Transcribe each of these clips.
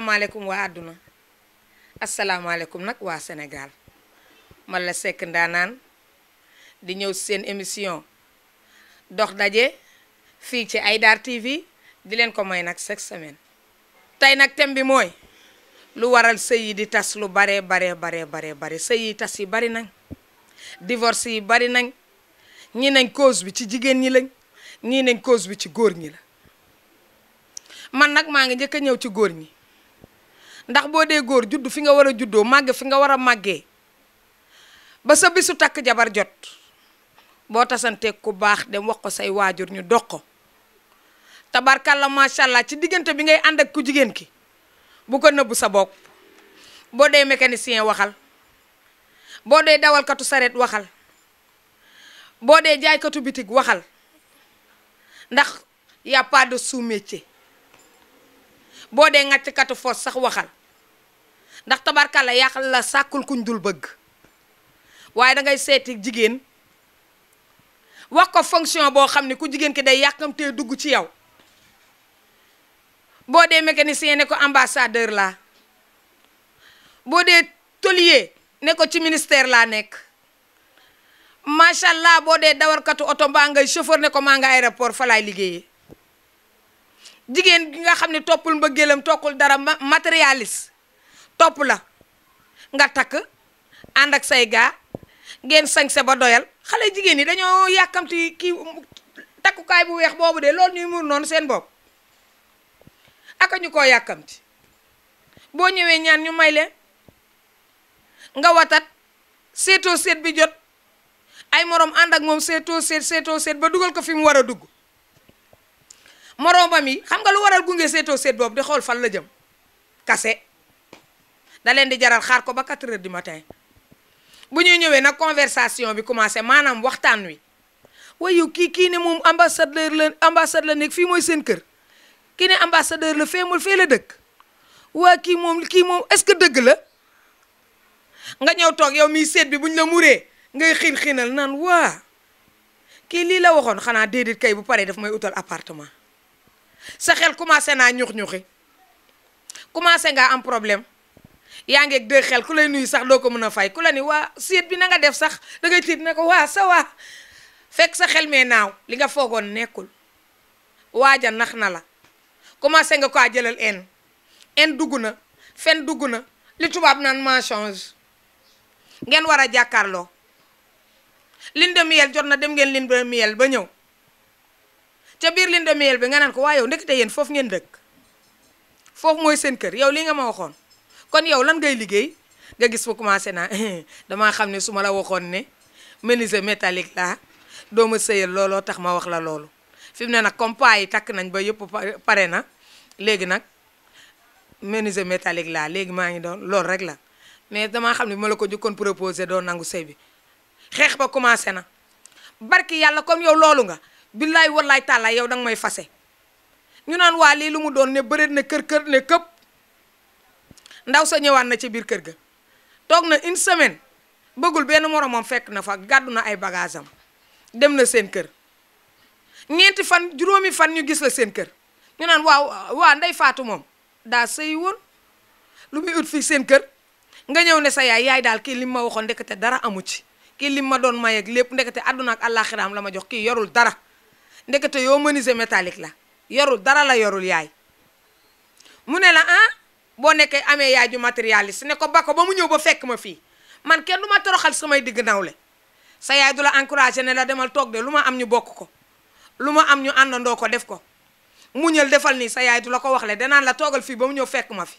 asalaamaaleykum waa àdduna nag waa Sénégal man la sekk ndaanaan di ñëw seen émission dox daje fii ci Aïdar TV di leen ko may nag chaque semaine tey nag thème bi mooy lu waral sëy yi di tas lu baree baree baree baree bare sëy yi tas yi bari nañ divorce yi bari nañ ñi nañ cause bi ci jigéen ñi lañ ñii nañ cause bi ci góor ñi la man nag maa ngi njëkk a ñëw ci góor ñi ndax bo gur judu judd fi nga wara juddo juddoo mage. fi nga wara a ba sa bisu tak jabar jot bo tasantee ku bax dem wax ko say wajur ñu dox ko tabarkalla macha allah ci diggante bi ngay and ak ku jigen ki bu ko neub sa bok bo dee mécanicien waxal boo dawal katu saret waxal jaay katu bitik waxal ndax pas de sous-métier katu sax waxal ndax tabarkalla yàqal la sàkkul kuñ dul bëgg waaye dangay ngay seeti jigéen wax ko fonction boo xam ne ku jigéen ki day yàkkamtee dugg ci yow boo dee mécanicien ne ko ambassadeur la boo dee tôlier ne ko ci ministère laa nekk macha allah boo dee dawarkatu oto mbaa ngay chauffeur ne ko maa nga aéroport fa laay liggéeyee jigéen gi nga xam ne toppul mbëggeelam tokkul dara matérialiste top la nga tak and ak say ga ngeen sa ba doyal xalé jigen ni dañoo ki takku kay bu wex bobu de lol ñuy mur non seen bop aka ñu koo yàkkamti ñaan ñu may nga watat seto set bi jot ay morom and ak mom seto set seto set ba duggal ko fi mu war seto dugg moroomam yi xam nga lu waral gungé seto set bop di xol fan la jëm kase da déjà di jaral xaar ko ba 4 heures du matin bu ñuy conversation bi commencé manam waxtaan wi waaye yow qui kii ne moom ambassadeur la ambassadeur la nekk fii mooy seen ne ambassadeur le fee mu fee la dëkk waa kii moom kii moom est-ce que dëgg la nga ñëw toog yow mii seet bi buñ la muree ngay xiin xiinal naan waa kii lii la waxoon xanaa kay bu paree daf may utal appartement sa xel commencé naa ñux ñuxi commencé ngaa am problème. yaa ngeeg deux xel ku lay nuyu sax doo ko mën a fay ku la ni waa siet bi na nga def sax da ngay tiit ne ko waa sa waa fekk sa xel mee naaw li nga foogoon nekkul waaja nax na la commencé nga ko jëlal en en dugg na fen dugg na li tubaab naan mensonge ngeen war a jàkkaarloo lune de jot na dem ngeen lune de ba ñëw ca biir lune de bi nga naan ko waa yow ndekete yéen foofu ngeen dëkk foofu mooy seen kër yow li nga ma waxoon kon yow lan ngay liggéey nga gis fa commencé naa damaa xam ne su ma la waxoon ne menuisier métallique laa doo ma sëyal looloo tax ma wax la loolu fi mu ne nag comme paa yi takk nañ ba yëpp pare na léegi nag menuisier métallique laa léegi maa ngi doon loolu rek la mais damaa xam ne bi ma la ko jëkkoon proposé doon nangu sëy bi xeex ba commencé na barki yàlla comme yow loolu nga billaay wallaay tàllaay yow danga may fase ñu naan waa lii lu mu doon ne bëreet ne kër kër ne këpp ndaw sa ñëwaat na ci biir kër ga toog na une semaine bëggul benn moromam fekk na fa gàddu na ay bagages dem na seen kër ñeenti fan juróomi fan ñu gis la seen kër ñu naan waaw waa ndey faatu moom daa sëy woon lu muy ut fii seen kër nga ñëw ne sa yaay yaay daal kii lim ma waxoon ndekete dara amu ci kii lim ma doon mayeeg lépp ndekete àdduna ak àllaaxiraam la ma jox kii yorul dara ndekete yoo menuisier metalik la yorul dara la yorul yaay mu ne la ah boo nekkee amee yaay ju matérialiste ne ko ba ko ba mu ñëw ba fekk ma fii man kenn du ma toroxal samay digg nawle sa yaay du la encouragé ne la demal toog de lu ma am ñu bokk ko lu ma am ñu àndandoo ko def ko mu muñal defal nii sa yaay du la ko wax le danaan la toogal fii ba mu ñëw fekk ma fi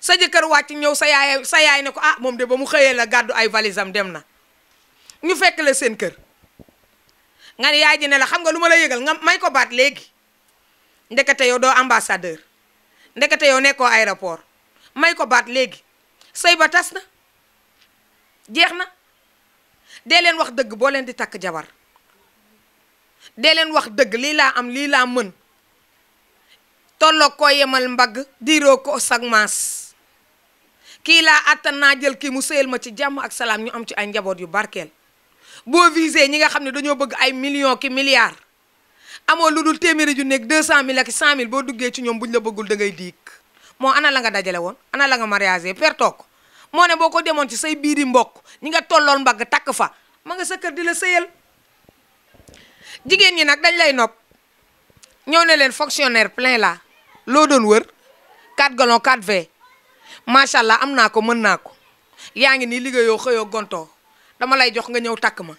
sa jëkkër wàcc ñëw sa yaay sa yaay ne ko ah moom de ba mu xëyee la gàddu ay valisam dem na ñu fekk la seen kër nga ne yaay ji ne la xam nga lu ma la yëgal nga may ko baat léegi ndekete yow doo ambassadeur ndekete yow nekkoo aéroport may ko baat léegi sëy ba tas na jeex na dee leen wax dëgg boo leen di takk jabar dee leen wax dëgg lii laa am lii laa mën tolloo koo yemal mbagg diiroo ko sag maas kii laa àttan naa jël kii mu sëyal ma ci jàmm ak salaam ñu am ci ay njaboot yu barkeel boo visé ñi nga xam ne dañoo bëgg ay million ki milliards amoo lu dul téeméeri ju nekk deux cent mille ak cent mille boo duggee ci ñoom buñ la bëggul da ngay diig moo ana la nga dajale woon ana la nga mariage pertoo ko moo ne boo ko demoon ci say biiri mbokk ñi nga tolloon mbagg takk fa ma nga sa kër di la sëyal jigéen ñi nag dañ lay nopp ñëw ne leen fonctionnaire plein la loo doon wër 4 gallon 4 v macha allah am naa ko mën naa ko yaa ngi nii liggéeyoo xëyoo gonto dama lay jox nga ñëw takk ma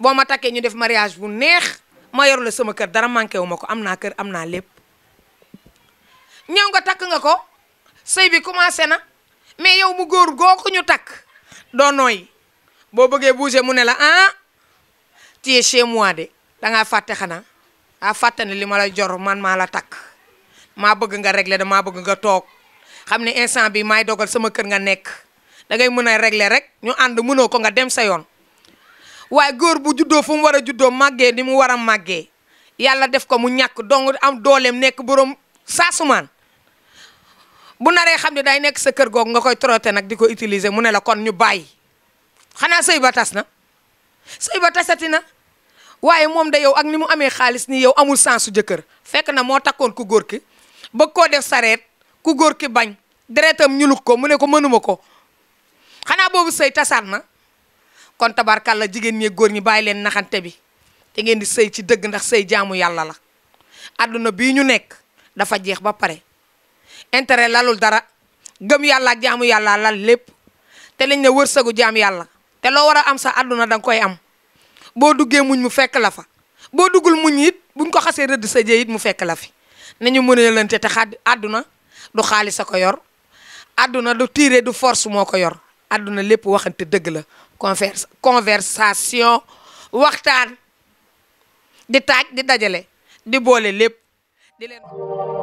boo ma takkee ñu def mariage bu neex ma yor la sama kër dara manqué wu ma ko am naa kër am naa lépp ñëw nga takk nga ko sëy bi commencé na mais yow mu góor goo ko ñu takk doo nooy boo bëggee bouger mu ne la ah tu es chez de da ngaa fàtte xanaa a fàtte ne li ma la jor man maa la takk maa bëgg nga régler damaa bëgg nga toog xam ne instant bi maay dogal sama kër nga nekk da ngay mën a régler rek ñu ànd mënoo ko nga dem sa yoon waaye góor bu juddoo fu mu war a juddoo màggee ni mu war a màggee yàlla def ko mu ñàkk dong am dooleem nekk borom saasumaan bu naree xam ne day nekk sa kër googu nga koy trotter nag di ko utiliser mu ne la kon ñu bàyyi xanaa sëy ba tas na sëy ba tasati na waaye moom da yow ak ni mu amee xaalis ni yow amul sens su jëkkër fekk na moo takkoon ku góor ki bëgg koo def sareet ku góor ki bañ deretam ñuluk ko mu ne ko mënuma ko xanaa boobu sëy tasaat na kon la jigéen ñi góor ñi bàyyi leen naxante bi te ngeen di sëy ci dëgg ndax say jaamu yàlla la àdduna bii ñu nekk dafa jeex ba pare intérêt lalul dara gëm yàlla ak jaamu yàlla lal lépp te lañ ne wërsëgu jaam yàlla te loo war a am sa àdduna danga koy am boo duggee muñ mu fekk la fa boo duggul muñ it buñ ko xasee rëdd sa jee mu fekk la fi nañu mën a lante te xadd àdduna du xaalis a ko yor àdduna du tiire du force moo ko yor àdduna lépp waxante dëgg la conversation, conversation waxtaan di taaj di dajale di boole lépp di leen